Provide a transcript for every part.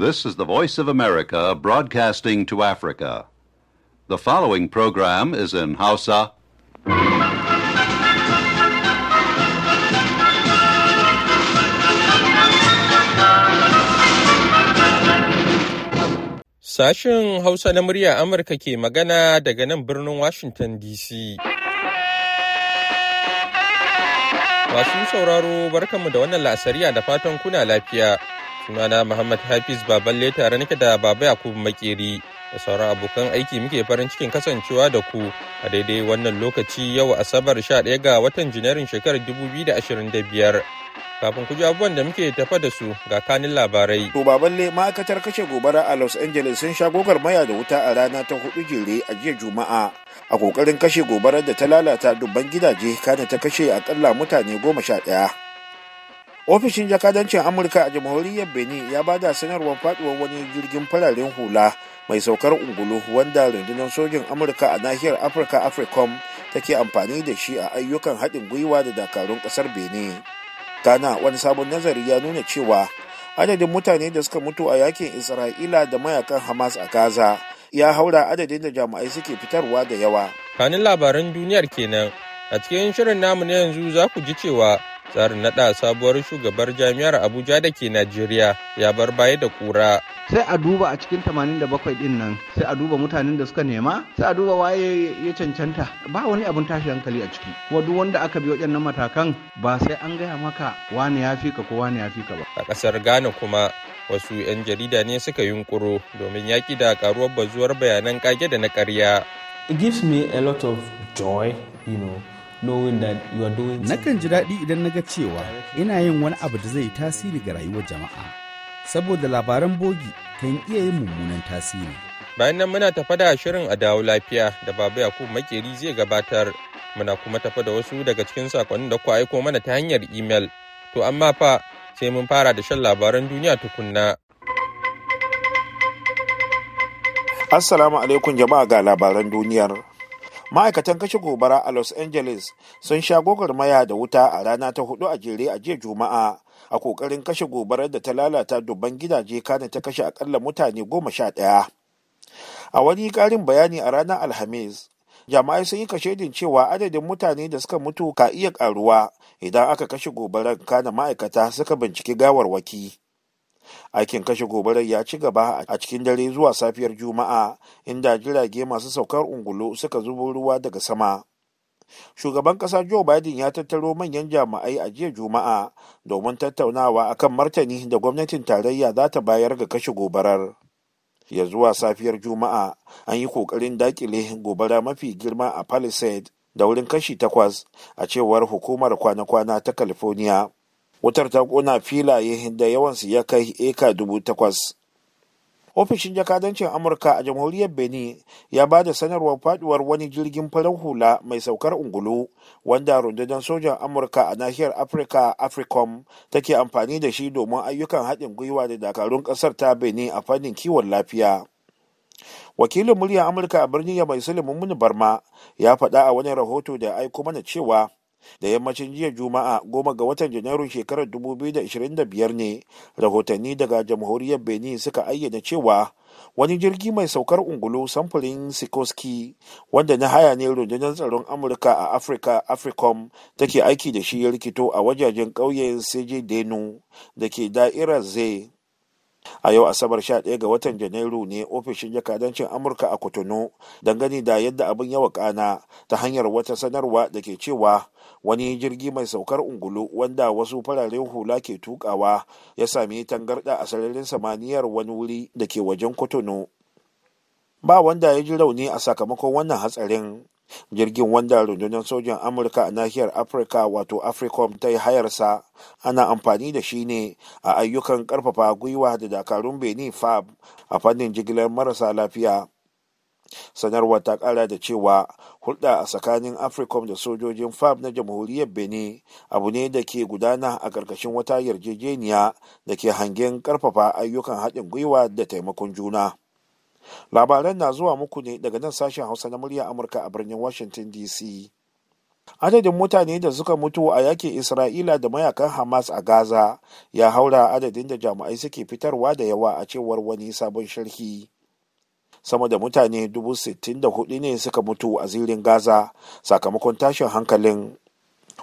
This is the Voice of America broadcasting to Africa. The following program is in Hausa. Sashen Hausa na murya Amurka ke magana daga nan birnin Washington DC. Masu sauraro barkanmu da wannan la'asariya da fatan kuna lafiya. sunana Muhammad Hafiz Baballe tare nake da Baba Yakubu Makeri da sauran abokan aiki muke farin cikin kasancewa da ku a daidai wannan lokaci yau Asabar 11 ga watan Janairun shekarar 2025. Kafin ku ji abubuwan da muke tafa da su ga kanin labarai. To Baballe ma'aikatar kashe gobara a Los Angeles sun sha gogar maya da wuta a rana ta hudu jere a jiya Juma'a a kokarin kashe gobarar da ta lalata dubban gidaje kana ta kashe akalla mutane goma sha ɗaya. ofishin jakadancin amurka a jamhuriyar benin ya ba da sanarwar faduwar wani jirgin fararen hula mai saukar ungulu wanda rundunar sojin amurka a nahiyar afirka africom take amfani da shi a ayyukan haɗin gwiwa da dakarun ƙasar benin kana wani sabon nazari ya nuna cewa adadin mutane da suka mutu a yakin isra'ila da mayakan hamas a gaza ya haura adadin da jami'ai suke fitarwa da yawa kanin labaran duniyar kenan a cikin shirin namu na yanzu za ku ji cewa tsarin naɗa sabuwar shugabar jami'ar abuja da ke najeriya ya bar baya da kura sai a duba a cikin 87 din nan sai a duba mutanen da suka nema sai a duba waye ya cancanta ba wani abin tashi hankali a ciki kuma duk wanda aka bi waɗannan matakan ba sai an gaya maka wani ya fi ka ko wani ya fi ka ba a ƙasar ghana kuma wasu 'yan jarida ne suka yunkuro domin yaƙi da karuwar bazuwar bayanan kage da na ƙarya it gives me a lot of joy knowing that Nakan ji daɗi idan na ga cewa ina yin wani abu da zai tasiri ga rayuwar jama'a. Saboda labaran bogi kan iya yin mummunan tasiri. Bayan nan muna tafa da shirin a dawo lafiya da Babu Yakubu Makeri zai gabatar. Muna kuma tafa da wasu daga cikin sakonnin da ku aiko mana ta hanyar imel. To amma fa sai mun fara da shan labaran duniya tukunna. Assalamu alaikum jama'a ga labaran duniyar. ma'aikatan kashe gobara a los angeles sun sha gwagwarmaya da wuta a rana ta hudu a jere a jiya juma'a a kokarin kashe gobarar da ta lalata dubban gidaje kane ta kashe akalla mutane goma sha ɗaya a wani karin bayani a ranar alhamis jama'ai sun yi kashedin cewa adadin mutane da suka mutu ka iya karuwa idan aka kashe gobarar kana ma'aikata suka binciki gawarwaki aikin kashe gobarar ya ci gaba a cikin dare zuwa safiyar juma'a inda jirage masu saukar ungulu suka zubo ruwa daga sama shugaban kasa joe biden ya tattaro manyan jami'ai a jiya juma'a domin tattaunawa akan martani da gwamnatin tarayya za ta bayar ga kashe gobarar ya zuwa safiyar juma'a an yi kokarin dakile gobara mafi girma a palisade da wurin kashi takwas a cewar hukumar kwana-kwana ta california wutar ta kona filaye da yawansu ya kai eka dubu takwas ofishin jakadancin amurka a jamhuriyar benin ya ba da sanarwar faduwar wani jirgin farar hula mai saukar ungulu wanda rundunar sojan amurka a nahiyar afirka africom take amfani da shi domin ayyukan haɗin gwiwa da dakarun ƙasar ta benin a fannin kiwon lafiya wakilin muryar amurka a birnin ya mai sulimin barma ya faɗa a wani rahoto da aiko mana cewa da yammacin jiya juma'a goma ga watan janairu shekarar 2025 ne rahotanni daga jamhuriyar benin suka ayyana cewa wani jirgi mai saukar ungulu samfurin sikoski wanda na haya ne rundunar tsaron amurka a afirka africom take aiki da shi ya rikito a wajajen ƙauyen seje denu da ke da'irar zai a yau asabar 11 ga watan janairu ne ofishin jakadancin amurka a kotonu dangane da yadda abin yawa ƙana ta hanyar wata sanarwa da ke cewa wani jirgi mai saukar ungulu wanda wasu fararen hula ke tukawa ya sami tangarda a sararin samaniyar wani wuri da ke wajen kotonu ba wanda ya ji rauni a sakamakon wannan hatsarin jirgin wanda rundunar sojan amurka a nahiyar afirka wato africom ta yi hayarsa ana amfani da shi ne a ayyukan karfafa gwiwa da dakarun benin fab a fannin jigilar marasa lafiya sanarwa ta kara da cewa hulɗa a tsakanin africom da sojojin fab na jamhuriyar benin abu ne da ke gudana a ƙarƙashin wata yarjejeniya da ke hangen ƙarfafa ayyukan haɗin gwiwa da taimakon juna labaran na zuwa muku ne daga nan sashen hausa na murya amurka a birnin washington dc adadin mutane da suka mutu a yakin isra'ila da mayakan hamas a gaza ya haura adadin da jami'ai suke fitarwa da yawa a cewar wani sabon sharhi sama da mutane dubu sittin da hudu ne suka mutu a zirin gaza sakamakon tashin hankalin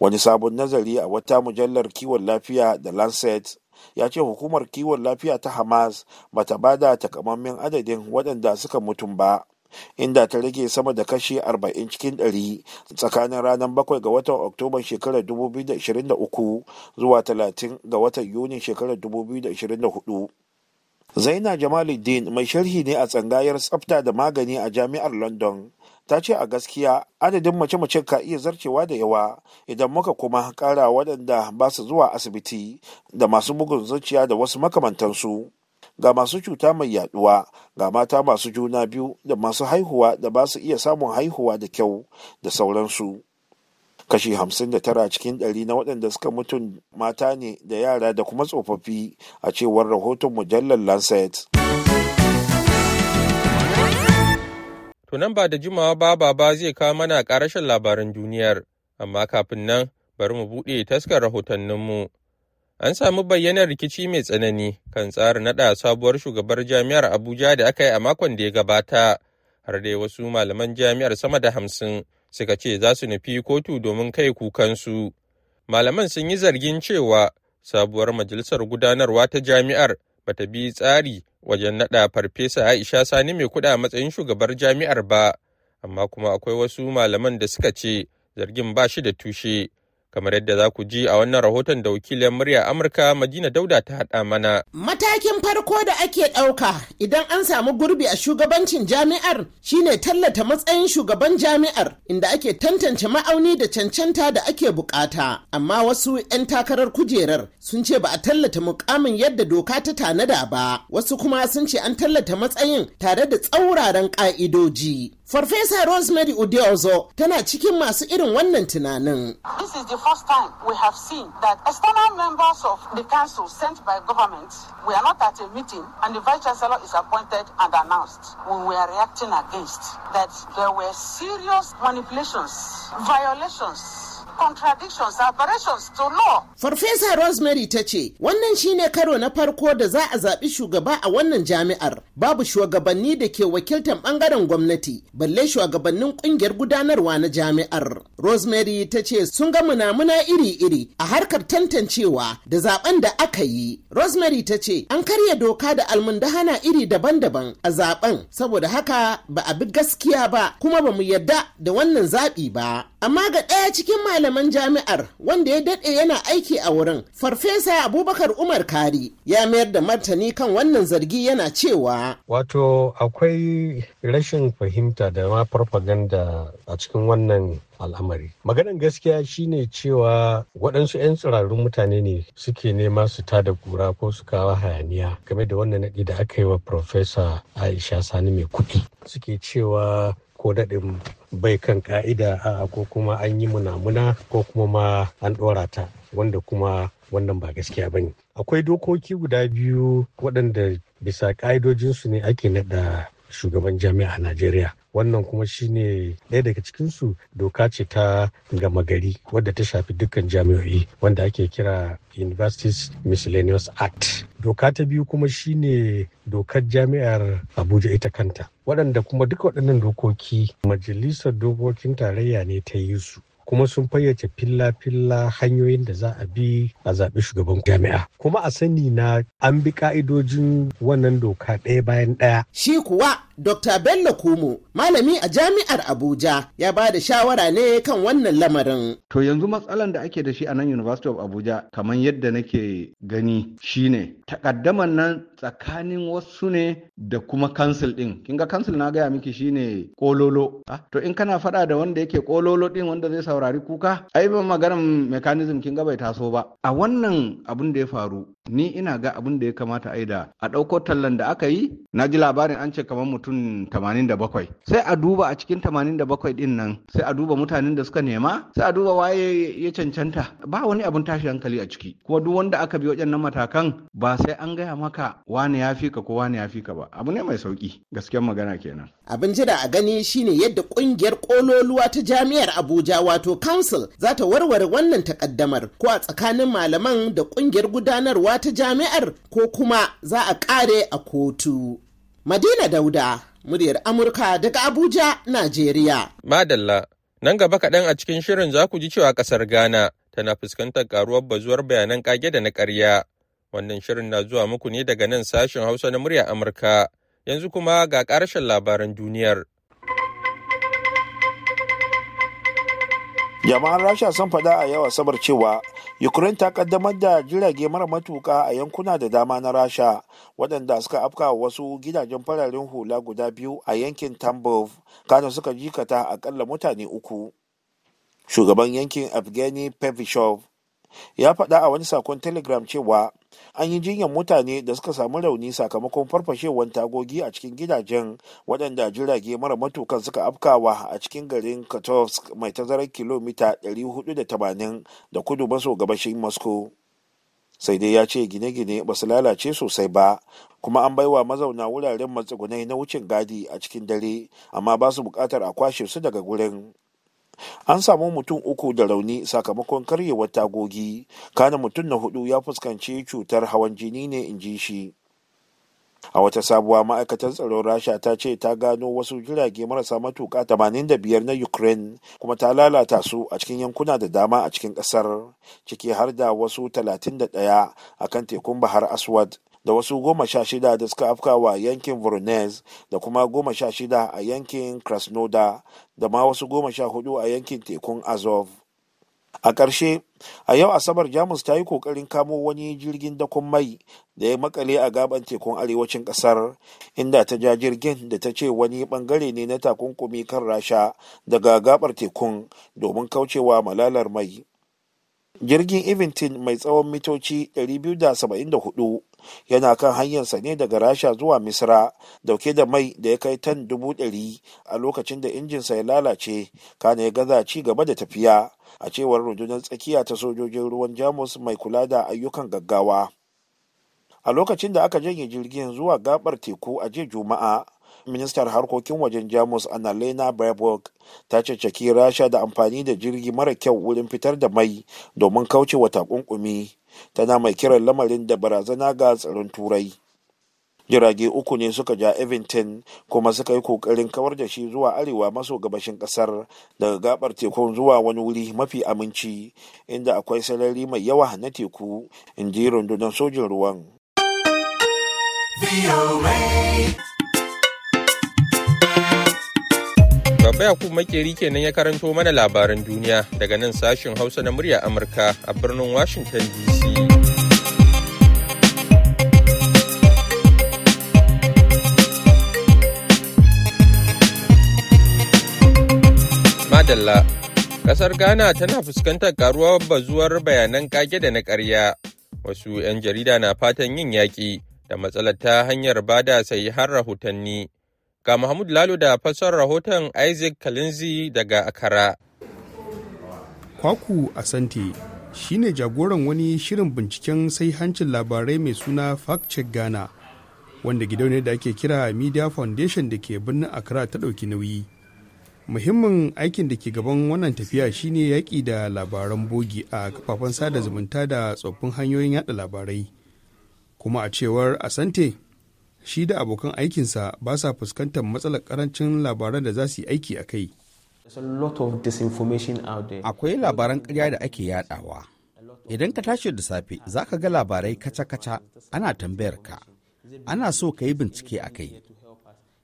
wani sabon nazari a wata mujallar kiwon lafiya da lancet ya ce hukumar kiwon lafiya ta hamas bata bada takamammen adadin waɗanda suka mutum ba inda ta rage sama da kashi 40 cikin ɗari tsakanin ranar bakwai ga watan oktoban shekarar 2023 zuwa talatin ga watan yunin shekarar 2024 zaina jamaluddin mai sharhi ne a tsangayar tsafta da magani a jami'ar london ta ce a gaskiya adadin mace-mace ka iya zarcewa da yawa idan muka kuma kara waɗanda ba su zuwa asibiti da masu bugun zuciya da wasu makamantansu ga masu cuta mai yaduwa ga mata masu juna biyu da masu haihuwa da ba su iya samun haihuwa da kyau da sauransu kashi hamsin da tara cikin ɗari na waɗanda suka mutu mata ne da yara da kuma tsofaffi a cewar rahoton mujallar lancet tunan ba da jimawa ba baba zai kawo mana ƙarashin labaran duniyar amma kafin nan bari mu buɗe taskar rahotanninmu an samu bayyanar rikici mai tsanani kan tsarin naɗa sabuwar shugabar jami'ar abuja da aka yi a makon da ya gabata har da wasu malaman jami'ar sama da hamsin suka ce za su nufi kotu domin kai kukansu. Malaman sun yi zargin cewa sabuwar majalisar gudanarwa ta jami'ar bata bi tsari wajen naɗa farfesa Aisha Sani mai kuɗa matsayin shugabar jami'ar ba, amma kuma akwai wasu malaman da suka ce zargin ba shi da tushe kamar yadda za ku ji a wannan rahoton da wakilin murya amurka madina dauda ta haɗa mana matakin farko da ake ɗauka idan an samu gurbi a shugabancin jami'ar shine tallata matsayin shugaban jami'ar inda ake tantance ma'auni da cancanta da ake bukata amma wasu 'yan takarar kujerar sun ce ba a tallata mukamin yadda doka ta tanada ba wasu kuma sun ce an tallata matsayin tare da tsauraran ka'idoji Farfesa Rosemary Odeozo tana cikin masu irin wannan tunanin. This is the first time we have seen that external members of the council sent by government we not at a meeting and the vice chancellor is appointed and announced. We were reacting against that there were serious manipulations, violations contradictions, aberrations to law. Farfesa Rosemary ta ce, wannan shine karo na farko da za a zaɓi shugaba a wannan jami'ar. Babu shugabanni da ke wakiltar ɓangaren gwamnati, balle shugabannin ƙungiyar gudanarwa na jami'ar. Rosemary ta ce sun ga munamuna iri-iri a harkar tantancewa da zaɓen da aka yi. Rosemary ta ce an karya doka da almundahana iri daban-daban a zaɓen saboda haka ba a bi gaskiya ba kuma ba mu yarda da wannan zaɓi ba. amma ga ɗaya cikin malaman jami'ar wanda ya daɗe yana aiki a wurin farfesa abubakar umar kari ya mayar da martani kan wannan zargi yana cewa wato akwai rashin fahimta da ma farfaganda a cikin wannan al'amari maganan gaskiya shine cewa waɗansu 'yan tsirarun mutane ne suke nema su ta da kura ko su kawo hayaniya game da wannan naɗi da aka yi wa farfesa aisha sani mai kuɗi suke cewa ko daɗin bai kan ka'ida ko kuma an yi munamuna ko kuma ma an ɗora ta wanda kuma wannan ba gaskiya ba ne akwai dokoki guda biyu waɗanda bisa ƙa'idojinsu ne ake naɗa shugaban jami'a a Najeriya. Wannan kuma shine ɗaya daga cikinsu doka ce ta gama gari wadda ta shafi dukkan jami'o'i wanda ake kira Universities Miscellaneous Act. Doka ta biyu kuma shine dokar jami'ar Abuja ita kanta. Waɗanda kuma duka waɗannan dokoki majalisar dokokin tarayya ne ta yi su. kuma sun fayyace filla-filla hanyoyin da za a bi a zaɓi shugaban jami'a kuma a sani na an bi ka'idojin wannan doka ɗaya bayan ɗaya shi kuwa Dr. Bello Kumo, malami a jami'ar Abuja, ya ba da shawara ne kan wannan lamarin. To yanzu matsalan da ake da shi a nan University of Abuja, kamar yadda nake gani shine takaddaman nan tsakanin wasu ne da kuma kansil ɗin. Kin ga kansil na gaya miki shine kololo. Ah, to in kana faɗa da wanda yake kololo ɗin wanda zai saurari kuka, ai ban maganar mechanism kin ga bai taso ba. A wannan abin da ya faru, ni ina ga abin da ya kamata a yi da. a ɗauko tallan da aka yi, na ji labarin an ce kamar mutum 87 sai a duba a cikin 87 din nan sai a duba mutanen da suka nema sai a duba waye ya cancanta ba wani abin tashi hankali a ciki kuma duk wanda aka bi wajen waɗannan matakan ba sai an gaya maka wani ya fi ka ko wani ya fi ka ba abu ne mai sauki gaskiyar magana kenan abin jira a gani shine yadda kungiyar kololuwa ta jami'ar abuja wato council za ta warware wannan takaddamar ko a tsakanin malaman da kungiyar gudanarwa ta jami'ar ko kuma za a kare a kotu Madina Dauda, muryar Amurka daga Abuja, Najeriya. Madalla, nan gaba kaɗan a cikin shirin za ku ji cewa ƙasar Ghana tana fuskantar ƙaruwar bazuwar bayanan ƙage da na ƙarya. Wannan shirin na zuwa muku ne daga nan sashen Hausa na muryar Amurka. Yanzu kuma ga ƙarshen labaran duniyar. jama'an rasha sun faɗa a yau asabar cewa ukraine ta kaddamar da jirage mara matuka a yankuna da dama na rasha waɗanda suka afka wasu gidajen fararen hula guda biyu a yankin tambov kano suka jikata akalla mutane uku shugaban yankin evgeny pevishov ya faɗa a wani sakon telegram cewa an yi jinyar mutane da suka samu rauni sakamakon farfashewar tagogi a cikin gidajen waɗanda jirage mara matukan suka afkawa a cikin garin katovsk mai tazarar kilomita 480 da kudu maso gabashin moscow sai dai ya ce gine-gine ba su lalace sosai ba kuma an baiwa mazauna wuraren matsugunai na wucin gadi a cikin dare amma ba su bukatar a kwashe su daga gurin an samu mutum uku da rauni sakamakon karyewar tagogi kana mutum na hudu ya fuskanci cutar hawan jini ne in ji shi a wata sabuwa ma'aikatar tsaron rasha ta ce ta gano wasu jirage marasa matuka 85 na ukraine kuma ta lalata su a cikin yankuna da dama a cikin kasar ciki har da wasu 31 a kan tekun bahar aswad da wasu goma sha shida da suka afka wa yankin voronezh da kuma goma sha shida a yankin krasnodar da ma wasu goma sha hudu a yankin tekun azov a ƙarshe a yau asabar jamus ta yi ƙoƙarin kamo wani jirgin dakon mai da ya makale a gaban tekun arewacin ƙasar inda ta ja jirgin da ta ce wani ɓangare ne na takunkumi kan rasha daga gabar tekun domin kaucewa malalar mai jirgin eventin mai tsawon mitoci 274 yana kan hanyarsa ne daga rasha zuwa misra dauke da mai da ya kai tan dubu ɗari a lokacin da injinsa ya lalace kana ya gaza ci gaba da tafiya a cewar rundunar tsakiya ta sojojin ruwan jamus mai kula da ayyukan gaggawa a lokacin da aka janye jirgin zuwa gabar teku a jiya juma'a ministar harkokin wajen jamus annalena baerbock ta caccaki rasha da amfani da jirgi mara kyau wurin fitar da mai domin kauce wa takunkumi tana mai kiran lamarin da barazana ga tsaron turai jirage uku ne suka ja Evington kuma suka yi kokarin kawar da shi zuwa arewa maso gabashin kasar daga gabar tekun zuwa wani wuri mafi aminci inda akwai sarari mai yawa na teku in ji rundunar sojin ruwan. Baba Yakubu Makeri kenan ya karanto mana labaran duniya daga nan sashin Hausa na murya Amurka a birnin Washington DC. Madalla Kasar Ghana tana fuskantar karuwar bazuwar bayanan kage da na ƙarya. Wasu 'yan jarida na fatan yin yaƙi da matsalar ta hanyar bada sai har rahotanni. Ga Mahmud Lalo da fassarar rahoton Isaac Kalinzi daga Akara. Kwaku Asante shi ne jagoran wani shirin binciken sai hancin labarai mai suna Fact Check Ghana, wanda ne da ake kira Media Foundation da ke birnin akara ta ɗauki nauyi. Muhimmin aikin da ke gaban wannan tafiya shine yaƙi da labaran bogi a kafafen sada zumunta da tsoffin hanyoyin yada labarai. Kuma a cewar Asante, shi da abokan aikinsa ba sa fuskantar matsalar karancin labaran da za su yi aiki a kai akwai labaran karya da ake yadawa idan ka tashi da safe za ka ga labarai kaca-kaca ana tambayar ka ana so ka yi bincike a kai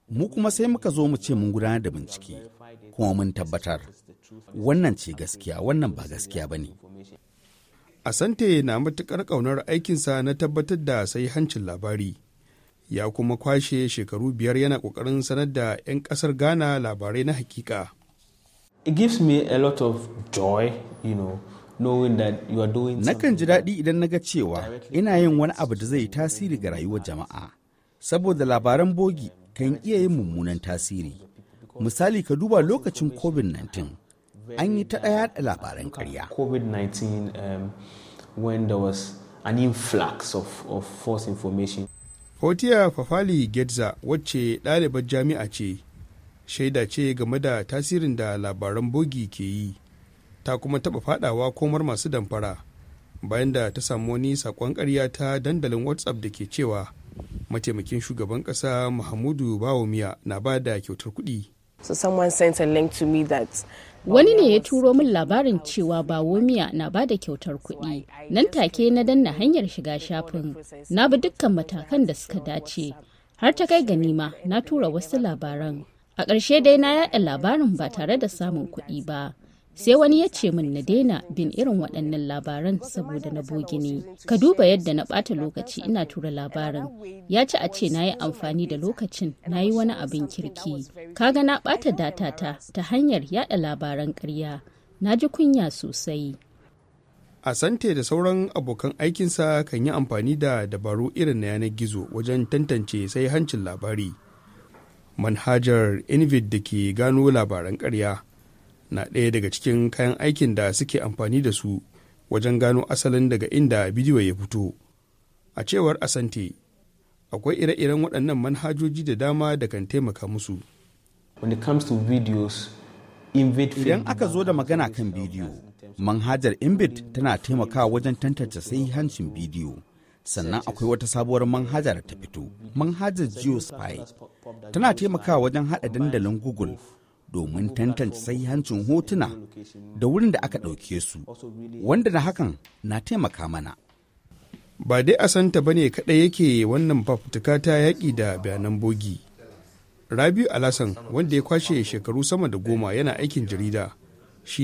mu kuma sai muka zo mu ce mun gudanar da bincike kuma mun tabbatar wannan ce gaskiya wannan ba gaskiya ba ne asante na matuƙar ƙaunar aikinsa na tabbatar da sai hancin labari ya kuma kwashe shekaru biyar yana kokarin sanar da 'yan kasar ghana labarai na hakika it gives me a lot of joy you know Nakan ji daɗi idan na ga cewa ina yin wani abu da zai tasiri ga rayuwar jama'a, saboda labaran bogi kan iya yin mummunan tasiri. Misali ka duba lokacin COVID-19, an yi ta ɗaya da labaran karya. COVID-19 um, when there was an influx of false information. Hotiya Fafali Getza wacce ɗalibar jami'a ce, shaida ce game da tasirin da labaran bogi ke yi, ta kuma taɓa faɗawa komar masu damfara bayan da ta samu wani saƙon ƙarya ta dandalin WhatsApp da ke cewa mataimakin shugaban ƙasa Muhammadu Bawumiya na ba da kyautar kuɗi. So someone sent Wani ne ya turo min labarin cewa Bawomiya na ba da kyautar kuɗi. Nan take na danna hanyar shiga shafin. Na bi dukkan matakan da suka dace. Har ta kai ganima na tura wasu labaran. A ƙarshe dai na yaɗa labarin ba tare da samun kuɗi ba. sai wani ya ce min na daina bin irin waɗannan labaran saboda na bogi ne ka duba yadda na ɓata lokaci ina tura labaran ya ci a ce na yi amfani da lokacin na yi wani abin kirki kaga na ɓata data ta ta hanyar yada labaran karya na ji kunya sosai Asante da sauran abokan aikinsa kan yi amfani da dabaru irin na yanar gizo wajen tantance sai hancin labari. Manhajar Invid da ke gano labaran karya. na ɗaya daga cikin kayan aikin da suke amfani da su wajen gano asalin daga inda bidiyo ya fito a cewar asante akwai ire-iren waɗannan manhajoji da dama da kan taimaka musu idan aka zo da magana kan bidiyo manhajar inbit tana taimakawa wajen tantance sai hancin bidiyo sannan akwai wata sabuwar manhajar ta fito manhajar geospy tana taimakawa wajen haɗa dandalin google domin tantance hancin hotuna da wurin da aka ɗauke su wanda na hakan na taimaka mana ba dai a santa bane kaɗai yake wannan fafutuka ta yaƙi da bayanan bogi rabiu alasan wanda ya kwashe shekaru sama da goma yana aikin jarida